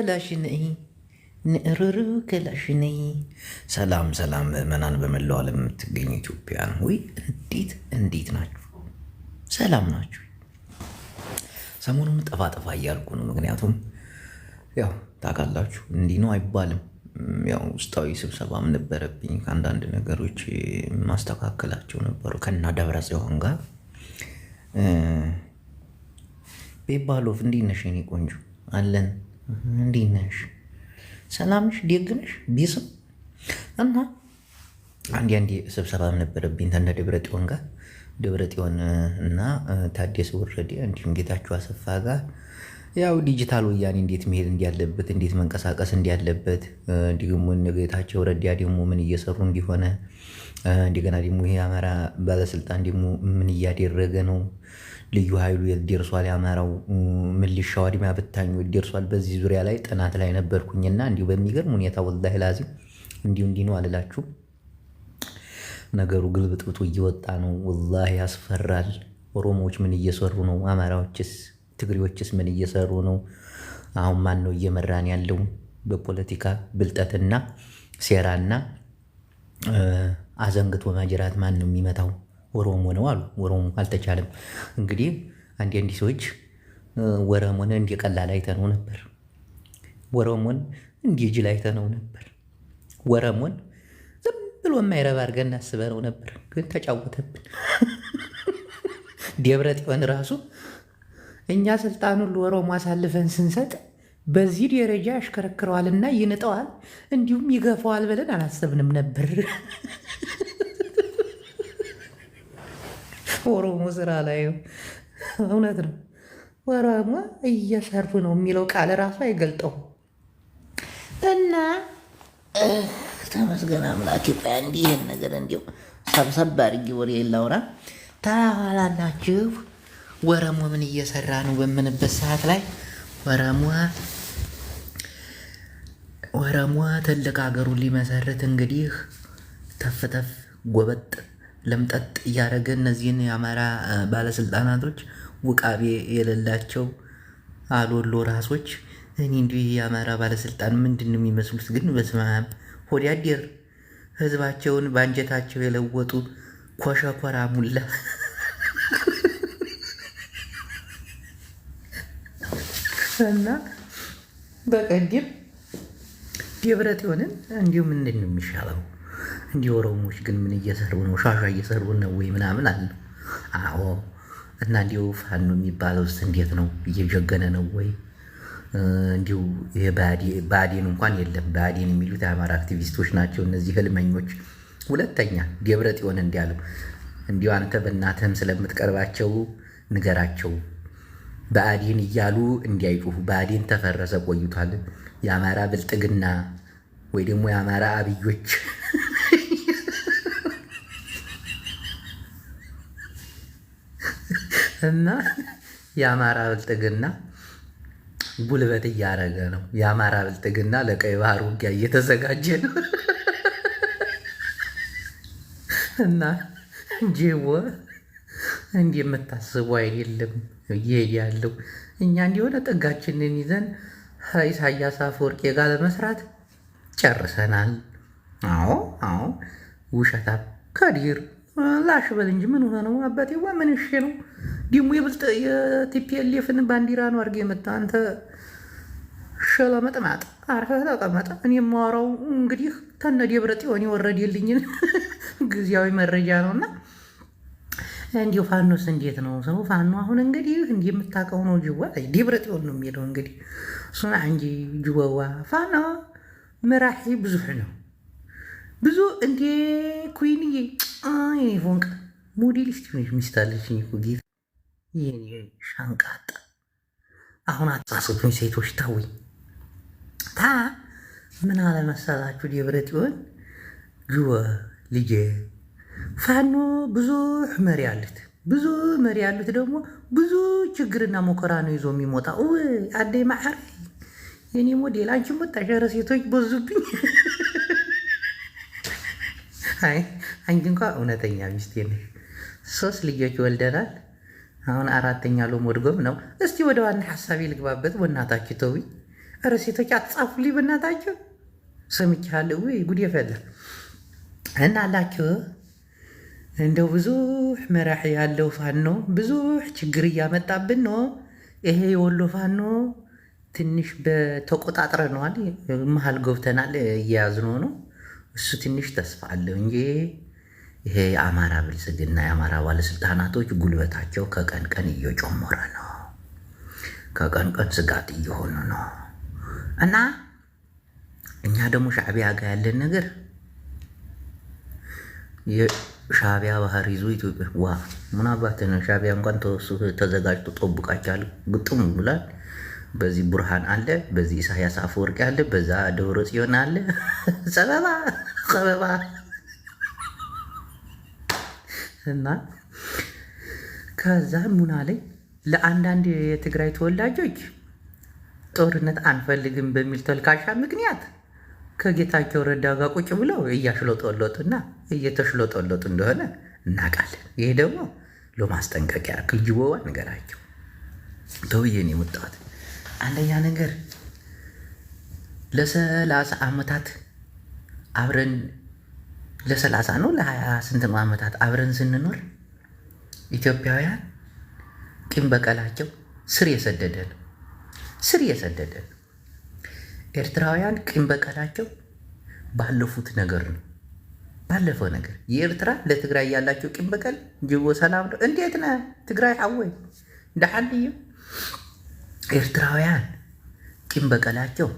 ክላሽ ነይ ንእርሩ ክላሽ ነይ። ሰላም ሰላም ምዕመናን በመላው ዓለም የምትገኙ ኢትዮጵያን ወይ እንዴት እንዴት ናችሁ? ሰላም ናችሁ? ሰሞኑን ጠፋጠፋ እያልኩ ነው። ምክንያቱም ያው ታውቃላችሁ እንዲህ ነው አይባልም። ያው ውስጣዊ ስብሰባም ነበረብኝ ከአንዳንድ ነገሮች ማስተካከላቸው ነበሩ ከና ደብረ ጽዮን ጋር ቤባሎፍ እንዲነሽ የኔ ቆንጆ አለን እንዴት ነሽ? ሰላም ነሽ? ደግ ነሽ? ቤስም እና አንድ አንድ ስብሰባም ነበረብኝ ተነ ደብረ ጽዮን ጋር ደብረ ጽዮን እና ታደሰ ወረደ እንዲሁም ጌታቸው አሰፋ ጋር ያው ዲጂታል ወያኔ እንዴት መሄድ እንዲያለበት እንዴት መንቀሳቀስ እንዲያለበት እንዲሁም ጌታቸው ረዳ ደግሞ ምን እየሰሩ እንዲሆነ እንደገና ደግሞ ይሄ አማራ ባለስልጣን ደግሞ ምን እያደረገ ነው ልዩ ኃይሉ የት ደርሷል? የአማራው ሚሊሻው አድማ በታኙ የት ደርሷል? በዚህ ዙሪያ ላይ ጥናት ላይ ነበርኩኝና እንዲሁ በሚገርም ሁኔታ ወላሂ ላዚም እንዲሁ እንዲህ ነው አልላችሁ ነገሩ ግልብጥብጡ እየወጣ ነው። ወላሂ ያስፈራል። ኦሮሞዎች ምን እየሰሩ ነው? አማራዎችስ፣ ትግሬዎችስ ምን እየሰሩ ነው? አሁን ማን ነው እየመራን ያለው? በፖለቲካ ብልጠትና ሴራና አዘንግቶ ማጅራት ማን ነው የሚመታው? ወሮሞ ነው አሉ። ወሮሞ አልተቻለም። እንግዲህ አንድ አንድ ሰዎች ወረሞን እንደ ቀላል አይተነው ነበር። ወረሞን እንደ ጅል አይተነው ነበር። ወረሞን ዝም ብሎ የማይረባ አድርገን እናስበነው ነበር፣ ግን ተጫወተብን። ደብረ ጽዮን ራሱ እኛ ስልጣኑን ለወሮሞ አሳልፈን ስንሰጥ በዚህ ደረጃ ያሽከረክረዋልና ይንጠዋል፣ እንዲሁም ይገፋዋል ብለን አላሰብንም ነበር። ኦሮሞ ስራ ላይ እውነት ነው። ወራማ እየሰሩ ነው የሚለው ቃል ራሱ አይገልጠው እና ተመስገን አምላኬ። ቆይ አንድ ይህን ነገር እንዲሁ ሰብሰብ አድርጊ ወር የላውራ ታላላችሁ። ወረሞ ምን እየሰራ ነው በምንበት ሰዓት ላይ ወረሞ ወረሞ ትልቅ ሀገሩን ሊመሰርት እንግዲህ ተፍተፍ ጎበጥ ለምጠጥ እያደረገ እነዚህን የአማራ ባለስልጣናቶች ውቃቤ የሌላቸው አልወሎ ራሶች። እኔ እንዲህ የአማራ ባለስልጣን ምንድን ነው የሚመስሉት ግን? በስመ አብ ሆድ ህዝባቸውን በአንጀታቸው የለወጡ ኮሸኮራ ሙላ እና በቀደም የብረት የሆንን እንዲሁ ምንድን ነው የሚሻለው? እንዲ ኦሮሞዎች ግን ምን እየሰሩ ነው? ሻሻ እየሰሩ ነው ወይ ምናምን አለ። አዎ። እና እንዲሁ ፋኖ የሚባለው ውስጥ እንዴት ነው? እየጀገነ ነው ወይ? እንዲሁ ብአዴን እንኳን የለም። ብአዴን የሚሉት የአማራ አክቲቪስቶች ናቸው እነዚህ ህልመኞች። ሁለተኛ ደብረት የሆነ እንዲያለው እንዲሁ አንተ በእናትህም ስለምትቀርባቸው ንገራቸው ብአዴን እያሉ እንዲያይጩሁ። ብአዴን ተፈረሰ ቆይቷል። የአማራ ብልጥግና ወይ ደግሞ የአማራ አብዮች እና የአማራ ብልጥግና ጉልበት እያደረገ ነው። የአማራ ብልጥግና ለቀይ ባህር ውጊያ እየተዘጋጀ ነው እና ጄቦ እንዲህ የምታስቡ አይደለም ይሄድ ያለው እኛ እንዲሆነ ጥጋችንን ይዘን ኢሳያስ አፈወርቂ ጋር ለመስራት ጨርሰናል። አዎ አዎ፣ ውሸታ ከዲር ላሽበል እንጂ ምን ሆነ ነው አባቴ ምን እሺ ነው ደግሞ የብልጥ የቲፒኤልኤፍን ባንዲራ ነው አድርገህ የመጣ አንተ ሸለ መጥማጥ አርፈህ ተቀመጠ። እኔ የማወራው እንግዲህ ተነደብረ ጽዮን የወረደልኝን ጊዜያዊ መረጃ ነው እና እንዲሁ ፋኖስ እንዴት ነው ሰው ፋኖ አሁን እንግዲህ እንዲህ የምታውቀው ነው። ጅዋ ደብረ ጽዮን ነው የሚሄደው እንግዲህ እሱን እንጂ ጅወዋ ፋኖ መራሒ ብዙሕ ነው ብዙ እንዴ ኩንዬ ፎንቅ ሞዴሊስት ሚስታለች አለችኝ ጌታ የኔ ሻንቃጣ አሁን አታስቡኝ ሴቶች ታውኝ ታ ምን አለመሰላችሁ ደብረ ጽዮን ጅወ ልጄ ፋኖ ብዙ መሪ አሉት ብዙ መሪ ያሉት ደግሞ ብዙ ችግርና መከራ ነው ይዞ የሚሞጣ አደይ ማዕረ የኔ ሞዴል አንቺ ሞጣ ሴቶች በዙብኝ። አይ አንቺ እንኳ እውነተኛ ሚስቴ ነሽ። ሶስት ልጆች ወልደናል። አሁን አራተኛ ሎም ወድጎም ነው። እስቲ ወደ ዋና ሀሳቢ ልግባበት። በእናታችሁ ተዊ ረ ሴቶች አትጻፉልኝ በእናታችሁ። ሰምቻለሁ ወይ ጉድ የፈላ እና አላችሁ እንደው ብዙ መራሒ ያለው ፋኖ ብዙ ችግር እያመጣብን ነው። ይሄ የወሎ ፋኖ ትንሽ ተቆጣጥረነዋል፣ መሀል ገብተናል፣ እየያዝነው ነው። እሱ ትንሽ ተስፋ አለው እንጂ ይሄ የአማራ ብልጽግና የአማራ ባለስልጣናቶች ጉልበታቸው ከቀን ቀን እየጨመረ ነው። ከቀን ቀን ስጋት እየሆኑ ነው እና እኛ ደግሞ ሻዕቢያ ጋር ያለን ነገር የሻዕቢያ ባህር ይዞ ኢትዮጵያ ዋ ምናባት ነው። ሻዕቢያ እንኳን ተዘጋጅቶ ጠብቃችኋል ግጥም ብሏል። በዚህ ቡርሃን አለ፣ በዚህ ኢሳያስ አፈወርቂ አለ፣ በዛ ደብረ ጽዮን አለ። ሰበባ ሰበባ እና ከዛ ሙና ላይ ለአንዳንድ የትግራይ ተወላጆች ጦርነት አንፈልግም በሚል ተልካሻ ምክንያት ከጌታቸው ረዳ ጋር ቁጭ ብለው እያሽሎጠሎጡና እየተሽሎጠሎጡ እንደሆነ እናውቃለን። ይሄ ደግሞ ለማስጠንቀቂያ ክልጅቦዋ ነገራቸው ተውዬን የወጣት አንደኛ ነገር ለሰላሳ ዓመታት አብረን ለሰላሳ ነው ለሀያ ስንት ዓመታት አብረን ስንኖር ኢትዮጵያውያን ቂም በቀላቸው ስር የሰደደ ነው፣ ስር የሰደደ ነው። ኤርትራውያን ቂም በቀላቸው ባለፉት ነገር ነው፣ ባለፈው ነገር የኤርትራ ለትግራይ ያላቸው ቂም በቀል ጅቦ ሰላም ነው። እንዴት ነ ትግራይ አወይ እንዳሓልዩ ኤርትራውያን ቂም በቀላቸው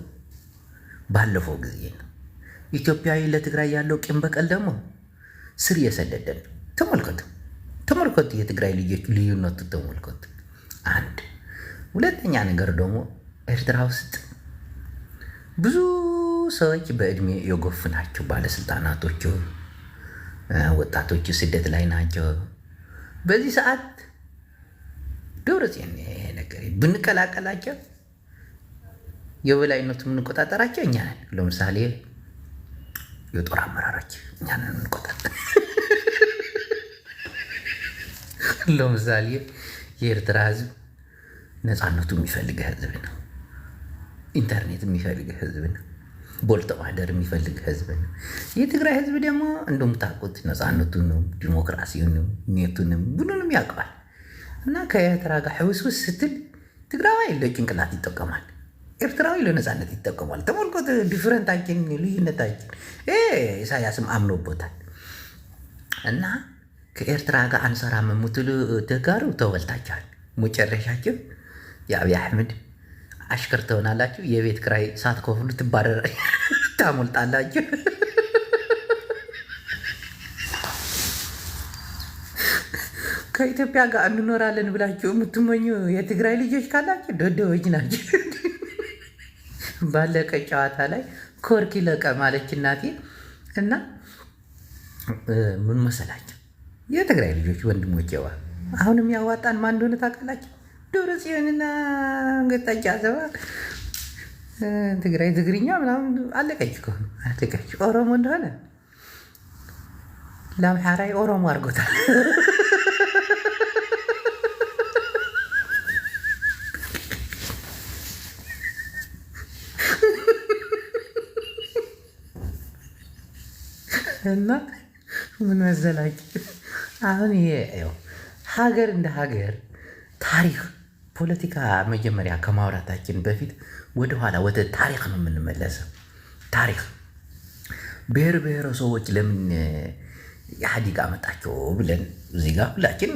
ባለፈው ጊዜ ነው። ኢትዮጵያዊ ለትግራይ ያለው ቂም በቀል ደግሞ ስር የሰደደን ተመልከቱ፣ ተመልከቱ የትግራይ ልዩነቱ ተመልከቱ። አንድ ሁለተኛ ነገር ደግሞ ኤርትራ ውስጥ ብዙ ሰዎች በእድሜ የጎፍ ናቸው። ባለስልጣናቶቹ ወጣቶቹ ስደት ላይ ናቸው። በዚህ ሰዓት ደብረጽዮን ይሄ ነገር ብንቀላቀላቸው የበላይነቱ የምንቆጣጠራቸው እኛ ነን። ለምሳሌ የጦር አመራሮች እኛንን እንቆጣጠር። ለምሳሌ የኤርትራ ህዝብ ነፃነቱ የሚፈልግ ህዝብ ነው። ኢንተርኔት የሚፈልግ ህዝብ ነው። ቦልጦ ማደር የሚፈልግ ህዝብ ነው። የትግራይ ህዝብ ደግሞ እንደምታውቁት ነፃነቱንም ዲሞክራሲውንም ኔቱንም ቡኑንም ያውቀዋል እና ከኤርትራ ጋር ህውስውስ ስትል ትግራዋይ ለጭንቅላት ይጠቀማል። ኤርትራዊ ለነፃነት ይጠቀሟል። ተመልከት፣ ዲፍረንታችን ልዩነታችን ኢሳያስም አምኖበታል። እና ከኤርትራ ጋር አንሰራ መምትሉ ተጋሩ ተበልታችኋል። መጨረሻችሁ የአብይ አሕመድ አሽከር ትሆናላችሁ። የቤት ክራይ ሳትከፍሉ ትባረር ታሞልጣላችሁ። ከኢትዮጵያ ጋር እንኖራለን ብላችሁ የምትመኙ የትግራይ ልጆች ካላችሁ ደደቦች ናቸው። ባለቀ ጨዋታ ላይ ኮርኪ ለቀ ማለች እናቴ። እና ምን መሰላቸው የትግራይ ልጆች ወንድሞች ዋ አሁንም ያዋጣን ማን እንደሆነ ታውቃላችሁ? ዶሮ ጽዮንና ገጣጫ ዘባ ትግራይ ትግርኛ ምናምን አለቀች እኮ አለቀች። ኦሮሞ እንደሆነ ለአምሓራይ ኦሮሞ አድርጎታል። እና ምን መሰላችሁ አሁን ይሄ ሀገር እንደ ሀገር ታሪክ ፖለቲካ መጀመሪያ ከማውራታችን በፊት ወደኋላ ወደ ታሪክ ነው የምንመለሰው። ታሪክ ብሔር ብሔረሰቦች ለምን ኢህአዲግ አመጣቸው ብለን እዚህ ጋር ሁላችን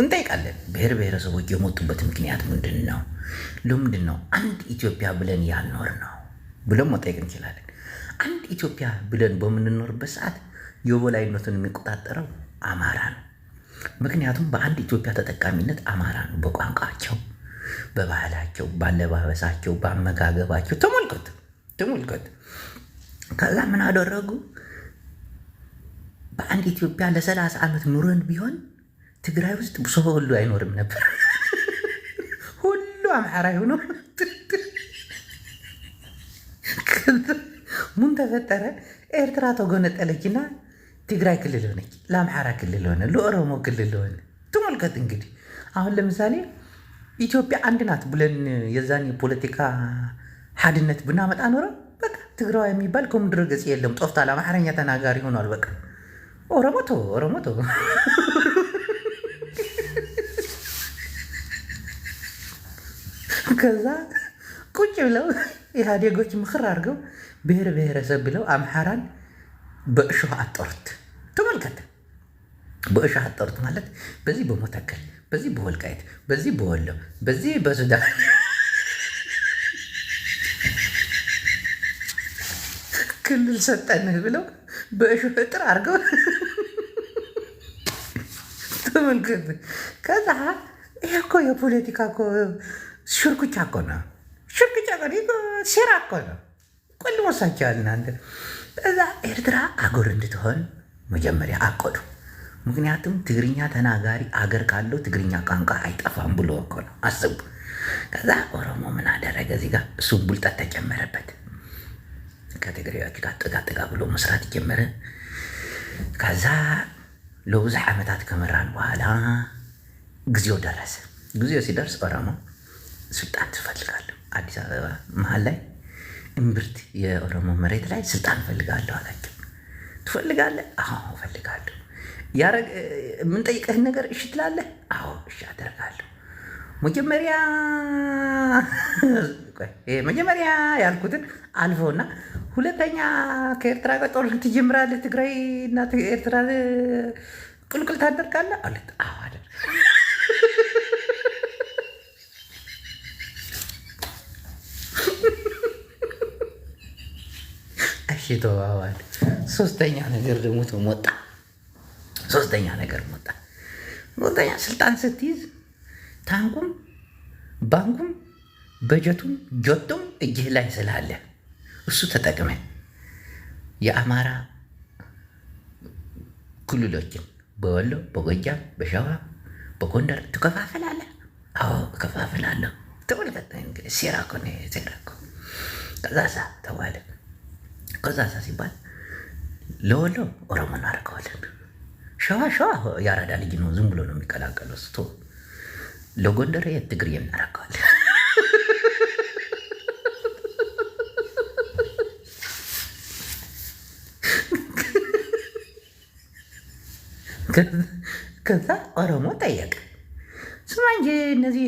እንጠይቃለን። ብሔር ብሔረሰቦች የሞቱበት ምክንያት ምንድን ነው? ለምንድን ነው አንድ ኢትዮጵያ ብለን ያልኖር ነው ብለን መጠየቅ እንችላለን። አንድ ኢትዮጵያ ብለን በምንኖርበት ሰዓት የበላይነቱን የሚቆጣጠረው አማራ ነው። ምክንያቱም በአንድ ኢትዮጵያ ተጠቃሚነት አማራ ነው። በቋንቋቸው፣ በባህላቸው፣ ባለባበሳቸው፣ በአመጋገባቸው ተመልከት ተመልከት። ከዛ ምን አደረጉ? በአንድ ኢትዮጵያ ለሰላሳ ዓመት ኑረን ቢሆን ትግራይ ውስጥ ሰው ሁሉ አይኖርም ነበር። ሁሉ አማራ ሆኖ ምን ተፈጠረ? ኤርትራ ተጎነጠለችና ትግራይ ክልል ሆነች፣ ለአምሓራ ክልል ሆነ፣ ለኦሮሞ ክልል ሆነ። ትመልከት እንግዲህ አሁን ለምሳሌ ኢትዮጵያ አንድ ናት ብለን የዛን የፖለቲካ ሓድነት ብናመጣ ኖረ በቃ ትግራዋ የሚባል ከምድረ ገጽ የለም። ጦፍታ አማርኛ ተናጋሪ ሆኗል። በቃ ኦሮሞቶ ኦሮሞቶ ከዛ ቁጭ ብለው ኢህአዴጎች ምክር አድርገው ብሔር ብሔረሰብ ብለው አምሓራን በእሾህ አጠርት ተመልከተ በእሾህ አጠርት ማለት በዚህ በመተከል በዚህ በወልቃይት በዚህ በወሎ በዚህ በሱዳን ክልል ሰጠንህ ብለው በእሾህ እጥር አድርገው ተመልከት። ከዛ ይሄ እኮ የፖለቲካ እኮ ሽርኩቻ እኮ ነው። ሽርኩቻ እኮ ሴራ እኮ ነው። ቆልሞሳቸዋል እናንተ እዛ ኤርትራ አገር እንድትሆን መጀመሪያ አቀዱ። ምክንያቱም ትግርኛ ተናጋሪ አገር ካለው ትግርኛ ቋንቋ አይጠፋም ብሎ እኮ ነው። አስቡ። ከዛ ኦሮሞ ምን አደረገ? እዚህ ጋር እሱ ቡልጠት ተጨመረበት። ከትግሬዎች ጋር ጥጋ ጥጋ ብሎ መስራት ጀመረ። ከዛ ለብዙ ዓመታት ከመራን በኋላ ጊዜው ደረሰ። ጊዜው ሲደርስ ኦሮሞ ስልጣን ትፈልጋለሁ። አዲስ አበባ መሀል ላይ እምብርት የኦሮሞ መሬት ላይ ስልጣን እፈልጋለሁ አላቸው። ትፈልጋለህ? አዎ እፈልጋለሁ። የምንጠይቀህን ነገር እሺ ትላለህ? አዎ እሺ አደርጋለሁ። መጀመሪያ መጀመሪያ ያልኩትን እና ሁለተኛ ከኤርትራ ጋር ጦርነት ትጀምራለህ፣ ትግራይ እና ኤርትራ ቁልቁል ታደርጋለህ አለት አዎ አደርግ ተባባል። ሶስተኛ ነገር ደግሞ ተሞጣ ሶስተኛ ነገር ሞጣ ሞጣኛ ስልጣን ስትይዝ ታንኩም ባንኩም በጀቱም ጆቶም እጅህ ላይ ስላለ እሱ ተጠቅመ የአማራ ክልሎችን በወሎ፣ በጎጃም፣ በሸዋ፣ በጎንደር ትከፋፈላለ። አዎ እከፋፈላለሁ። ተመልከት እንግዲህ ሴራ እኮ ሴራ እኮ ከዛ ተባለ ከዛ ሲባል ለወሎ ኦሮሞ እናደርገዋለን። ሸዋ ሸዋ የአራዳ ልጅ ነው፣ ዝም ብሎ ነው የሚቀላቀለው። ስቶ ለጎንደር ትግሬ እናደርገዋለን። ከዛ ኦሮሞ ጠየቀ፣ ስማ እንጂ እነዚህ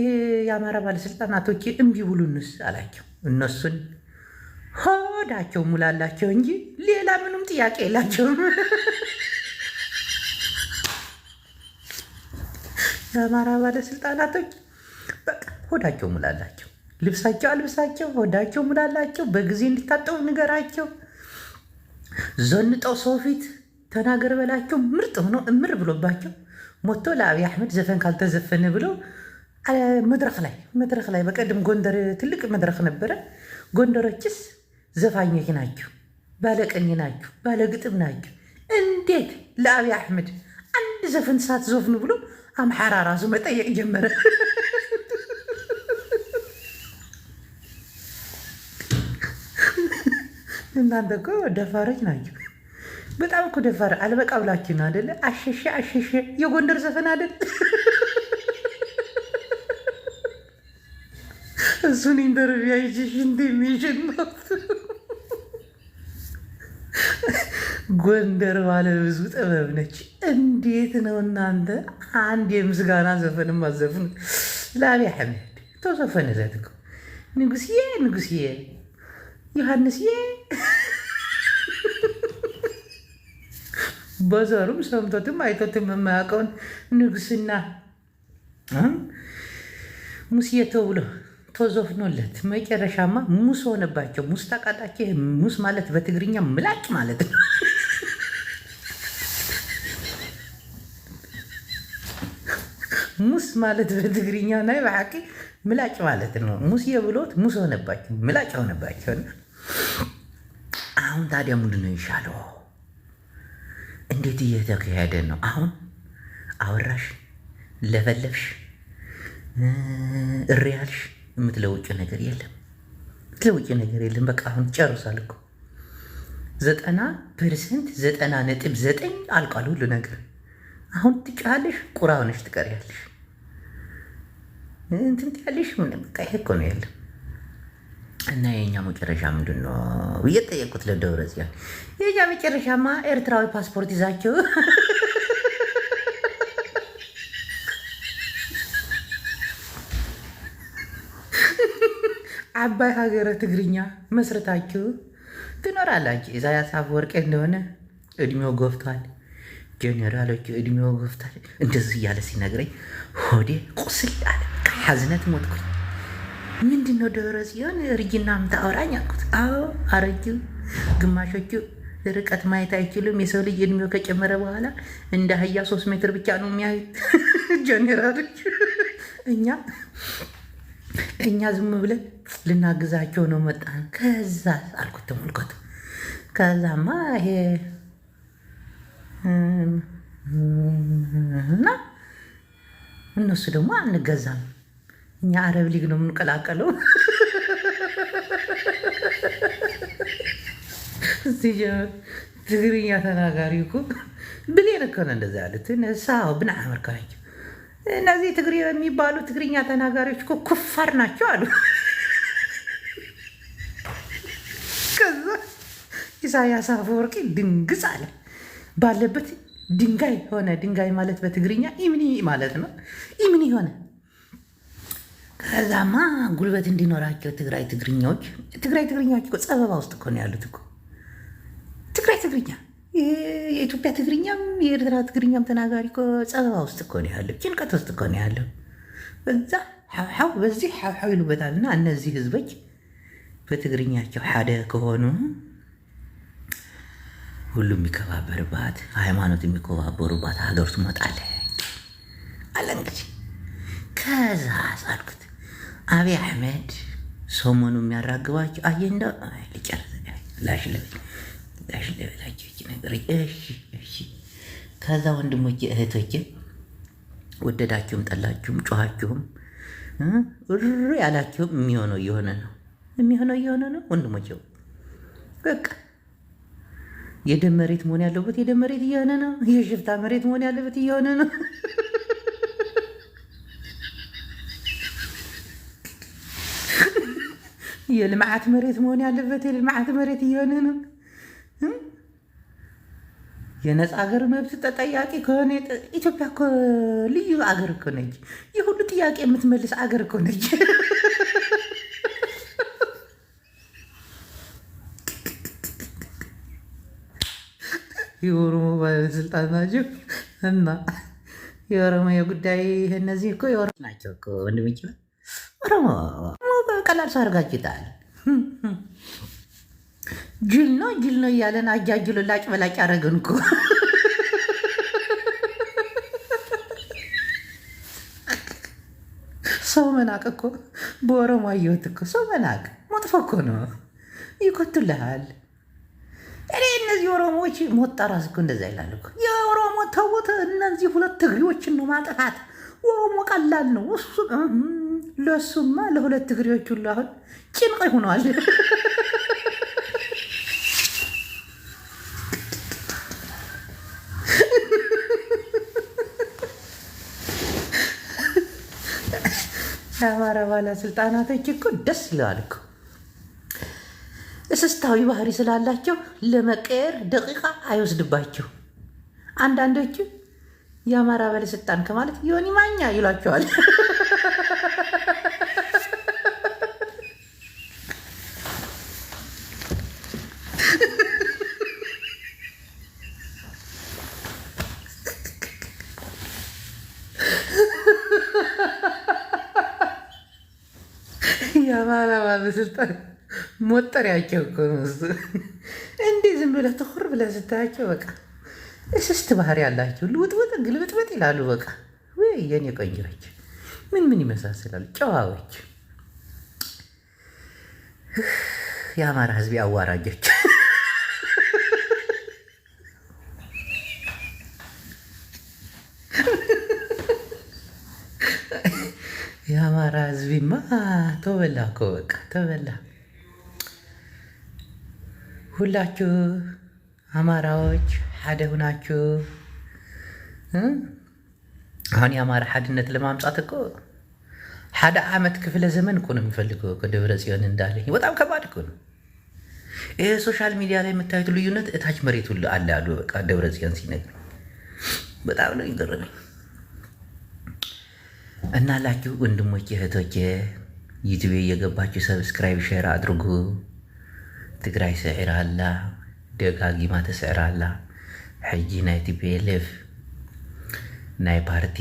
የአማራ ባለስልጣናቶች እምቢ ብሉንስ አላቸው እነሱን ሆዳቸው ሙላላቸው እንጂ ሌላ ምንም ጥያቄ የላቸውም። የአማራ ባለስልጣናቶች በቃ ሆዳቸው ሙላላቸው፣ ልብሳቸው አልብሳቸው፣ ሆዳቸው ሙላላቸው። በጊዜ እንዲታጠቡ ንገራቸው። ዘንጠው ሰው ፊት ተናገር በላቸው። ምርጥ ሆኖ እምር ብሎባቸው ሞቶ ለአብይ አሕመድ ዘፈን ካልተዘፈነ ብሎ መድረክ ላይ መድረክ ላይ በቀደም ጎንደር ትልቅ መድረክ ነበረ። ጎንደሮችስ ዘፋኞች ናችሁ፣ ባለቀኝ ናችሁ፣ ባለግጥም ናችሁ። እንዴት ለአብይ አሕመድ አንድ ዘፈን ዞፍን ብሎ አምሓራ ራሱ መጠየቅ ጀመረ። እናንተ እኮ ደፋሮች ናቸው። በጣም እኮ ደፋር አልበቃ ብላችሁ ነው አደለ? አሸሸ አሸሸ የጎንደር ዘፈን አደለ? እሱን ኢንተርቪው አይችሽ እንደሚሽን ነው ጎንደር ባለ ብዙ ጥበብ ነች። እንዴት ነው እናንተ አንድ የምስጋና ዘፈን ማዘፍን? ለአብይ አሕመድ ተዘፈነለት እኮ ንጉስዬ፣ ንጉስዬ፣ ዮሐንስዬ በዘሩም ሰምቶትም አይቶትም የማያውቀውን ንጉስና ሙስዬ ተብሎ ተዘፍኖለት መጨረሻማ ሙስ ሆነባቸው። ሙስ ታቃጣቸው። ሙስ ማለት በትግርኛ ምላጭ ማለት ነው። ሙስ ማለት በትግርኛ ናይ በሓቂ ምላጭ ማለት ነው። ሙስ የብሎት ሙስ ሆነባቸው፣ ምላጭ ሆነባቸው። አሁን ታዲያ ምንድን ነው ይሻለው? እንዴት እየተካሄደ ነው? አሁን አወራሽ፣ ለፈለፍሽ፣ እሪያልሽ የምትለውጭ ነገር የለም፣ የምትለውጭ ነገር የለም። በቃ አሁን ጨርሷል እኮ ዘጠና ፐርሰንት ዘጠና ነጥብ ዘጠኝ አልቋል ሁሉ ነገር። አሁን ትጫለሽ፣ ቁራ ሆነሽ ትቀሪያለሽ። እንትን ትያለሽ ምን በቃ ይሄ እኮ ነው ያለ እና የኛ መጨረሻ ምንድን ነው ብዬ ጠየቅኩት ለደብረ ጽዮን። የእኛ መጨረሻማ ኤርትራዊ ፓስፖርት ይዛችሁ አባይ ሀገረ ትግርኛ መስረታችሁ ትኖራላችሁ። ኢሳያስ አፈወርቂ እንደሆነ እድሜው ገፍቷል፣ ጀኔራሎች እድሜው ገፍቷል። እንደዚህ እያለ ሲነግረኝ ሆዴ ቁስል አለ። ሀዝነት ሞትኩኝ። ምንድን ነው ደብረ ጽዮን እርጅና የምታወራኝ አልኩት። አዎ አረጅም፣ ግማሾቹ ርቀት ማየት አይችሉም። የሰው ልጅ እድሜው ከጨመረ በኋላ እንደ አህያ ሶስት ሜትር ብቻ ነው የሚያዩት ጀኔራሎች። እኛ እኛ ዝም ብለን ልናግዛቸው ነው መጣን። ከዛ አልኩት ተመልከቱ። ከዛማ ይሄ እና እነሱ ደግሞ አንገዛም እኛ አረብ ሊግ ነው የምንቀላቀለው። ትግርኛ ተናጋሪ እኮ ብሌን እኮ ነው እንደዛ ያሉት ሳው ብን አመርካ እነዚህ ትግሪ የሚባሉ ትግርኛ ተናጋሪዎች እኮ ኩፋር ናቸው አሉ። ከዛ ኢሳያስ አፈወርቂ ድንግጽ አለ ባለበት ድንጋይ ሆነ። ድንጋይ ማለት በትግርኛ ኢምኒ ማለት ነው። ኢምኒ ሆነ ከዛማ ጉልበት እንዲኖራቸው ትግራይ ትግርኛዎች ትግራይ ትግርኛዎች እኮ ጸበባ ውስጥ እኮ ነው ያሉት እኮ ትግራይ ትግርኛ የኢትዮጵያ ትግርኛም የኤርትራ ትግርኛም ተናጋሪ እኮ ጸበባ ውስጥ እኮ ነው ያለው፣ ጭንቀት ውስጥ እኮ ነው ያለው። በዛ ሓውሓው በዚህ ሓውሓው ይሉበታል። እና እነዚህ ህዝቦች በትግርኛቸው ሓደ ከሆኑ ሁሉ የሚከባበርባት ሃይማኖት የሚከባበሩባት ሀገር ትመጣለች አለ እንግዲህ ከዛ አልኩት አብይ አህመድ ሰሞኑ የሚያራግባቸው አየ እንደ ላሽ ላሽ ነገር እሺ እሺ። ከዛ ወንድሞች እህቶቼ፣ ወደዳችሁም ጠላችሁም ጮኋችሁም እሩ ያላችሁም የሚሆነው እየሆነ ነው የሚሆነው እየሆነ ነው ወንድሞቼ። በቃ የደም መሬት መሆን ያለበት የደም መሬት እየሆነ ነው። የሽፍታ መሬት መሆን ያለበት እየሆነ ነው። የልማዓት መሬት መሆን ያለበት የልማዓት መሬት እየሆነ ነው። የነፃ ሀገር መብት ተጠያቂ ከሆነ ኢትዮጵያ እኮ ልዩ አገር እኮ ነች። የሁሉ ጥያቄ የምትመልስ አገር እኮ ነች። የኦሮሞ ባለስልጣን ናቸው እና የኦሮሞ የጉዳይ እነዚህ እኮ ናቸው ወንድም ይችላል ኦሮሞ ቀላል ሰው አድርጋችታል። ጅል ነው ጅል ነው እያለን አጃጅሎ ላጭ በላጭ አረግን እኮ ሰው መናቅ እኮ በኦሮሞ አየሁት እኮ ሰው መናቅ መጥፎ እኮ ነው። ይኮቱልሃል። እኔ እነዚህ ኦሮሞዎች ሞጣ ራስ እኮ እንደዛ ይላል እኮ የኦሮሞ ተውት። እነዚህ ሁለት ትግሪዎችን ነው ማጥፋት። ኦሮሞ ቀላል ነው እሱ ለሱማ ለሁለት እግሬዎች ሁሉ አሁን ጭንቅ ሆኗል። የአማራ ባለስልጣናቶች እኮ ደስ ይለዋል እኮ እስስታዊ ባህሪ ስላላቸው ለመቀየር ደቂቃ አይወስድባቸው። አንዳንዶቹ የአማራ ባለስልጣን ከማለት ዮኒ ማኛ ይሏቸዋል። የተባለ ባለስልጣን ሞጠሪያቸው እኮ ነው እሱ። እንዴ ዝም ብለህ ትኩር ብለህ ስታያቸው በቃ እስስት ባህሪ ያላቸው ልውጥውጥ ግልብጥብጥ ይላሉ። በቃ ወይ የኔ ቆንጆች ምን ምን ይመሳሰላሉ? ጨዋዎች፣ የአማራ ህዝብ አዋራጆች የአማራ ህዝቢማ ተበላ እኮ በቃ ተበላ። ሁላችሁ አማራዎች ሓደ ሁናችሁ አሁን የአማራ ሓድነት ለማምጣት እኮ ሓደ ዓመት ክፍለ ዘመን እኮ ነው የሚፈልገው እኮ ደብረ ጽዮን እንዳለኝ በጣም ከባድ እኮ ነው። ይህ ሶሻል ሚዲያ ላይ የምታዩት ልዩነት እታች መሬት ሁሉ አለ ያሉ በቃ ደብረ ጽዮን ሲነግር በጣም ነው ይገርመኝ። እና ላችሁ ወንድሞቼ እህቶቼ ዩቲዩብ እየገባችሁ ሰብስክራይብ ሼር አድርጉ። ትግራይ ስዕር ኣላ ደጋጊማ ተስዕር ኣላ ሕጂ ናይ ቲፒኤልኤፍ ናይ ፓርቲ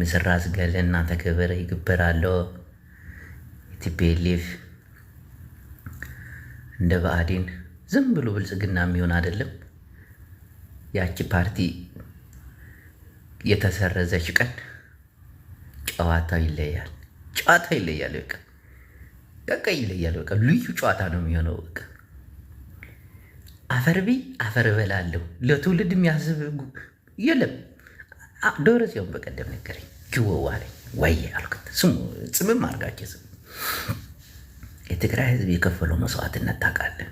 ምስራዝ ገለ እናተገበረ ይግበር ኣሎ ቲፒኤልኤፍ እንደ ብአዴን ዝም ብሎ ብልፅግና የሚሆን አይደለም። ያቺ ፓርቲ የተሰረዘች ቀን ጨዋታው ይለያል። ጨዋታ ይለያል። በቃ በቃ ይለያል። በቃ ልዩ ጨዋታ ነው የሚሆነው። በቃ አፈር ብይ አፈር እበላለሁ። ለትውልድ የሚያስብ የለም። ደብረ ሲሆን በቀደም ነገረኝ። ላይ ዋየ አልኩት። ስሙ ጽምም አድርጋችሁ ስሙ። የትግራይ ህዝብ የከፈለው መስዋዕትነት ታውቃለህ።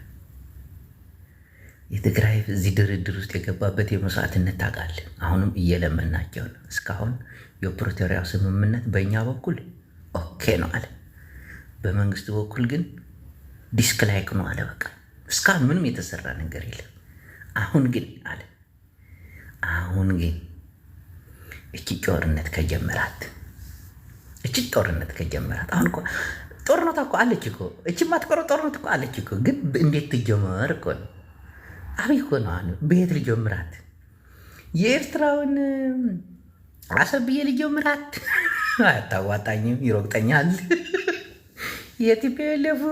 የትግራይ እዚህ ድርድር ውስጥ የገባበት የመስዋዕትነት ታውቃለህ። አሁንም እየለመናቸው ነው። እስካሁን የፕሪቶሪያው ስምምነት በእኛ በኩል ኦኬ ነው አለ፣ በመንግስት በኩል ግን ዲስክላይክ ነው አለ። በቃ እስካሁን ምንም የተሰራ ነገር የለም። አሁን ግን አለ አሁን ግን እቺ ጦርነት ከጀመራት እቺ ጦርነት ከጀመራት አሁን ጦርነት ጦርነቷ እኮ አለች እኮ እቺ ማትቀረው ጦርነት እኮ አለች እኮ ግን እንዴት ትጀመር እኮ ነው አብይ እኮ ነው። አሁን በየት ልጀምራት? የኤርትራውን አሰብ ብዬ ልጀምራት? አታዋጣኝም፣ ይሮቅጠኛል። የቲፒኤልኤፉ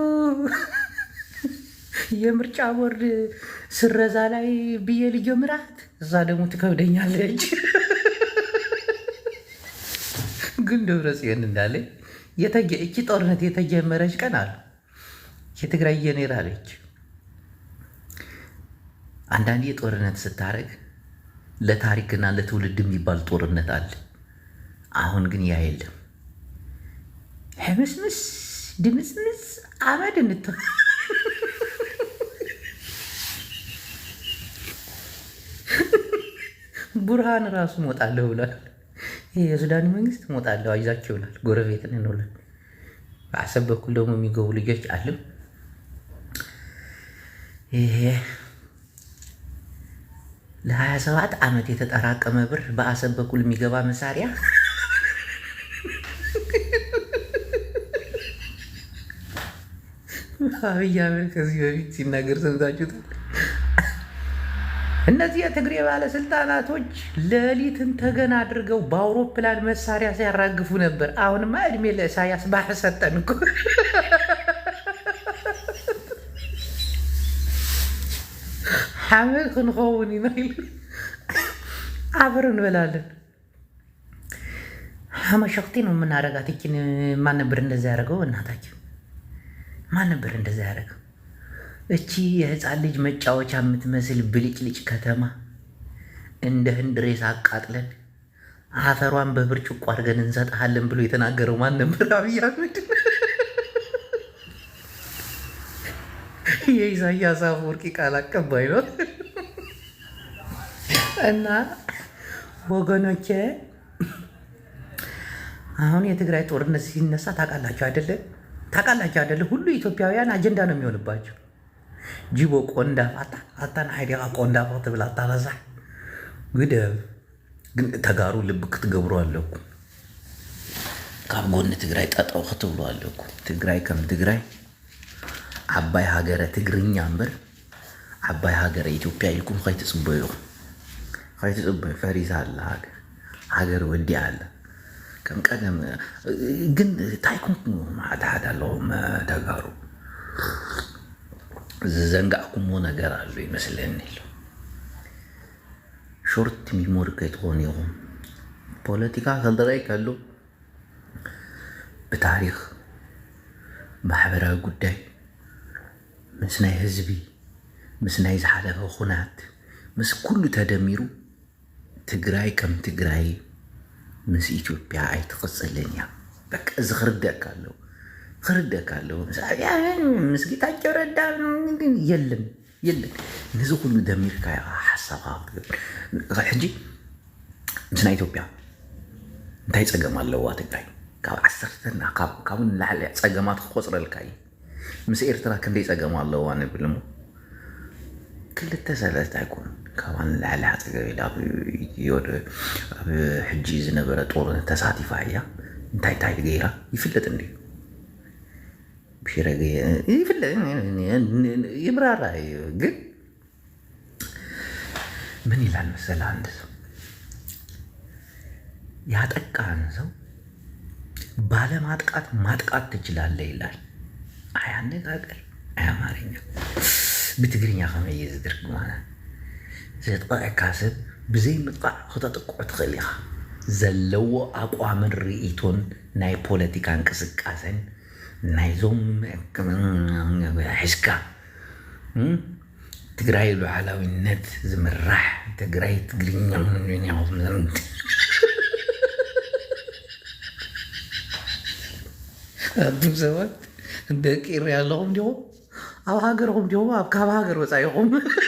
የምርጫ ቦርድ ስረዛ ላይ ብዬ ልጀምራት? እዛ ደግሞ ትከብደኛለች። ግን ደብረጽዮን እንዳለች እቺ ጦርነት የተጀመረች ቀን አሉ የትግራይ ጄኔራል አለች አንዳንዴ ጦርነት ስታደርግ ለታሪክና ለትውልድ የሚባል ጦርነት አለ። አሁን ግን ያ የለም። ህምስምስ ድምፅምስ አመድ እንት ቡርሃን ራሱ እሞጣለሁ ብሏል። ይህ የሱዳን መንግስት እሞጣለሁ አይዛቸው ይሆናል። ጎረቤትን እንውላል። በአሰብ በኩል ደግሞ የሚገቡ ልጆች አለም ይሄ ለ27 ዓመት የተጠራቀመ ብር በአሰብ በኩል የሚገባ መሳሪያ አብይ አህመድ ከዚህ በፊት ሲናገር ሰምታችሁታል። እነዚህ የትግሬ ባለስልጣናቶች ሌሊትን ተገን አድርገው በአውሮፕላን መሳሪያ ሲያራግፉ ነበር። አሁንማ እድሜ ለኢሳያስ ባህ ሰጠን እኮ ሐመድ ክንኸውን ኢና ኢሉ አብር እንበላለን። ሐመሸክቲ ነው የምናረጋት። ይችን ማን ነበር እንደዛ ያደረገው? እናታችን ማን ነበር እንደዛ ያደረገው? እቺ የህፃን ልጅ መጫወቻ የምትመስል ብልጭልጭ ከተማ እንደ ህንድሬስ አቃጥለን አፈሯን በብርጭቆ አድርገን እንሰጥሃለን ብሎ የተናገረው ማን ነበር? አብይ አህመድ የኢሳያስ አፈወርቂ ቃል አቀባይ ነው እና ወገኖቼ፣ አሁን የትግራይ ጦርነት ሲነሳ ታውቃላችሁ አይደለ? ታውቃላችሁ አይደለ? ሁሉ ኢትዮጵያውያን አጀንዳ ነው የሚሆንባቸው። ጅቦ ቆንዳ ፋታ አታን ሀይዲያ ቆንዳ ፋት ብላ አታበዛ ግደብ ግን ተጋሩ ልብ ክትገብሩ አለኩ ካብ ጎኒ ትግራይ ጠጠው ክትብሉ አለኩ ትግራይ ከም ትግራይ ዓባይ ሃገረ ትግርኛ እምበር ዓባይ ሃገረ ኢትዮጵያ ኢልኩም ከይትፅበዩ ከይትፅበዩ ፈሪዛ ኣላ ሃገር ሃገር ወዲኣ ኣላ ከም ቀደም ግን ታይኩም ሓደ ኣለዎም ተጋሩ ዝዘንጋዕኩምዎ ነገር ኣሎ ይመስለኒ ኢሉ ሾርት ሚሞሪ ከይትኾኑ ኢኹም ፖለቲካ ክልረይ ከሉ ብታሪክ ማሕበራዊ ጉዳይ ምስ ናይ ህዝቢ ምስ ናይ ዝሓለፈ ኩናት ምስ ኩሉ ተደሚሩ ትግራይ ከም ትግራይ ምስ ኢትዮጵያ ኣይትቕፅልን እያ። በቃ እዚ ክርደአካ ኣለዎ ክርደአካ ኣለዎ። ምስ ጌታቸው ረዳ የለን የለን። ነዚ ኩሉ ደሚርካ ሓሳብካ ክትገብር ሕጂ ምስ ናይ ኢትዮጵያ እንታይ ፀገም ኣለዋ ትግራይ ካብ ዓሰርተና ካብኡ ንላዕሊ ፀገማት ክቆፅረልካ እዩ ምስ ኤርትራ ክንደይ ፀገም ኣለዎ ንብል ሞ ክልተ ሰለስተ ኣይኮኑ ካብን ላዕሊ ሓፀገብ ኢላ ኣብ ሕጂ ዝነበረ ጦርነት ተሳቲፋ እያ እንታይ እንታይ ገይራ ይፍለጥ እንዲ ይብራራ እዩ ግን ምን ይላል መሰለ አንድ ሰው ያጠቃን ሰው ባለማጥቃት ማጥቃት ትችላለህ ይላል አያነጋገር አያማርኛ ብትግርኛኸ መየ ዝድርግማና ዘጥቃዕ ካሰብ ብዘይ ምጥቃዕ ክተጥቅዑ ትኽእል ኢኻ ዘለዎ ኣቋምን ርእቶን ናይ ፖለቲካ እንቅስቃሴን ናይዞም ሒዝካ ትግራይ ሉዓላዊነት ዝምራሕ ትግራይ ትግርኛ ኣቱም ሰባት እንደ ቂር ያለኹም ዲኹም ኣብ ሃገርኹም ዲኹም ኣብ ካብ ሃገር ወፃኢኹም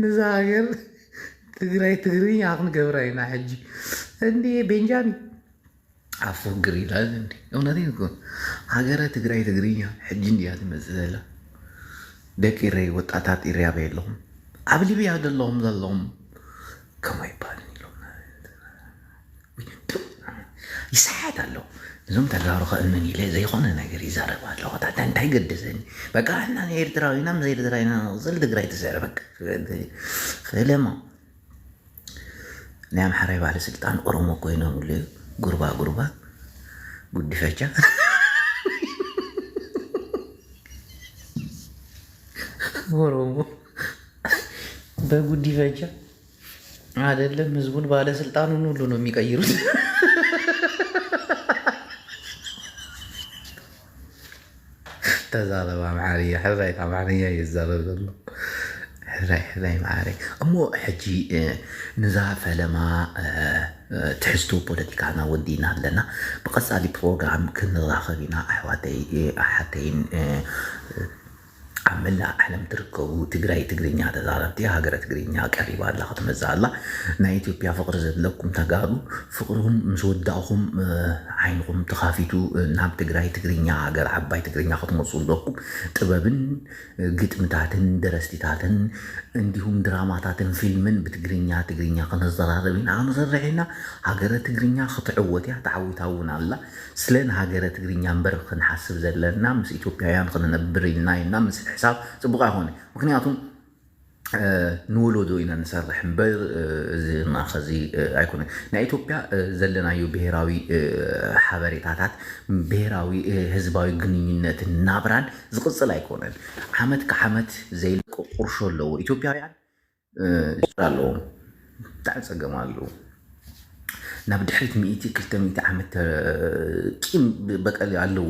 ንዛ ሃገር ትግራይ ትግርኛ ክንገብራ ኢና ሕጂ እንዲ ቤንጃሚ ኣፉ ግር ኢላል እውነት ይኮን ሃገረ ትግራይ ትግርኛ ሕጂ እንዲያ ትመፅእ ዘላ ደቂ ሬ ወጣታት ይርያበ ኣለኹም ኣብ ሊብያ ዘለኹም ዘለኹም ከመይ ይባልኒ ይስሓት ኣሎ እዞም ተጋሩ ከእመን ኢለ ዘይኮነ ነገር ይዛረብ ኣለዎ ታ እንታይ ገድሰኒ በቃ እና ኤርትራዊና ዘኤርትራዊና ቅፅል ትግራይ ተሰረበክ ክእለማ ናይ ኣምሓራይ ባለስልጣን ኦሮሞ ኮይኖም ሉ ጉርባ ጉርባ ጉዲፈቻ ኦሮሞ በጉዲፈቻ አይደለም ህዝቡን ባለስልጣኑን ሁሉ ነው የሚቀይሩት تزارب معارية حريك معارية يزارب ዘሎ ሕራይ ሕራይ ማዕረይ እሞ ሕጂ ንዛ ፈለማ ትሕዝቶ ፖለቲካና ወዲና ኣለና ብቐፃሊ ፕሮግራም ክንራኸብ ኢና ኣሕዋተይ ኣሓተይን ኣብ መላእ ዓለም ትርከቡ ትግራይ ትግርኛ ተዛረብቲ ሃገረ ትግርኛ ቀሪባ ኣላ ክትመፅእ ኣላ ናይ ኢትዮጵያ ፍቅሪ ዘድለኩም ተጋሩ ፍቅርኩም ምስ ወዳእኹም ዓይንኩም ተኻፊቱ ናብ ትግራይ ትግርኛ ሃገር ዓባይ ትግርኛ ክትመፁ ኣለኩም ጥበብን ግጥምታትን ደረስቲታትን እንዲሁም ድራማታትን ፊልምን ብትግርኛ ትግርኛ ክነዘራረብ ኢና ክንሰርሕ ኢና ሃገረ ትግርኛ ክትዕወት እያ ተዓዊታ እውን ኣላ ስለ ንሃገረ ትግርኛ እምበር ክንሓስብ ዘለና ምስ ኢትዮጵያውያን ክንነብር ኢልና ኢልና ምስ ሓሳብ ፅቡቕ ኣይኮነ ምክንያቱም ንወለዶ ኢና ንሰርሕ እምበር እዚ ማእኸዚ ኣይኮነ ናይ ኢትዮጵያ ዘለናዮ ብሄራዊ ሓበሬታታት ብሄራዊ ህዝባዊ ግንኙነት ናብራን ዝቅፅል ኣይኮነን ዓመት ከዓመት ዘይለቀ ቁርሾ ኣለዎ ኢትዮጵያውያን ኣለዎም ብጣዕሚ ፀገም ኣለዎ ናብ ድሕሪት 2 ዓመት ቂም በቀል ኣለዎ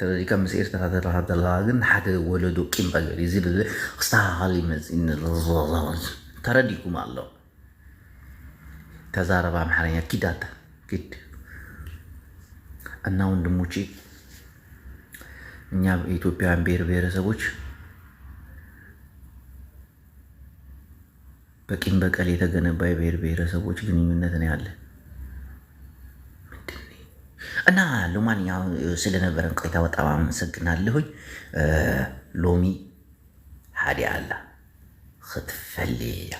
ተበዚካ ምስ ኤርትራ ተራኸብ ዘለካ ግን ሓደ ወለዶ ቂም ባገር እዚ ክስተኻኸል ይመፅ ተረዲኩም ኣሎ ተዛረባ ኣምሓርኛ ኪዳታ ግድ እና ወንድሞቼ እኛ ኢትዮጵያውያን ብሔር ብሔረሰቦች በቂም በቀል የተገነባ የብሔር ብሔረሰቦች ግንኙነት ነው ያለን። እና ለማንኛውም ስለነበረን ቆይታ በጣም አመሰግናለሁኝ። ሎሚ ሀዲ አላ ክትፈልያ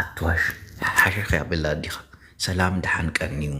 ኣትዋሽ ሓሸኺ ኣበላ ዲኻ ሰላም ድሓን ቀኒዩ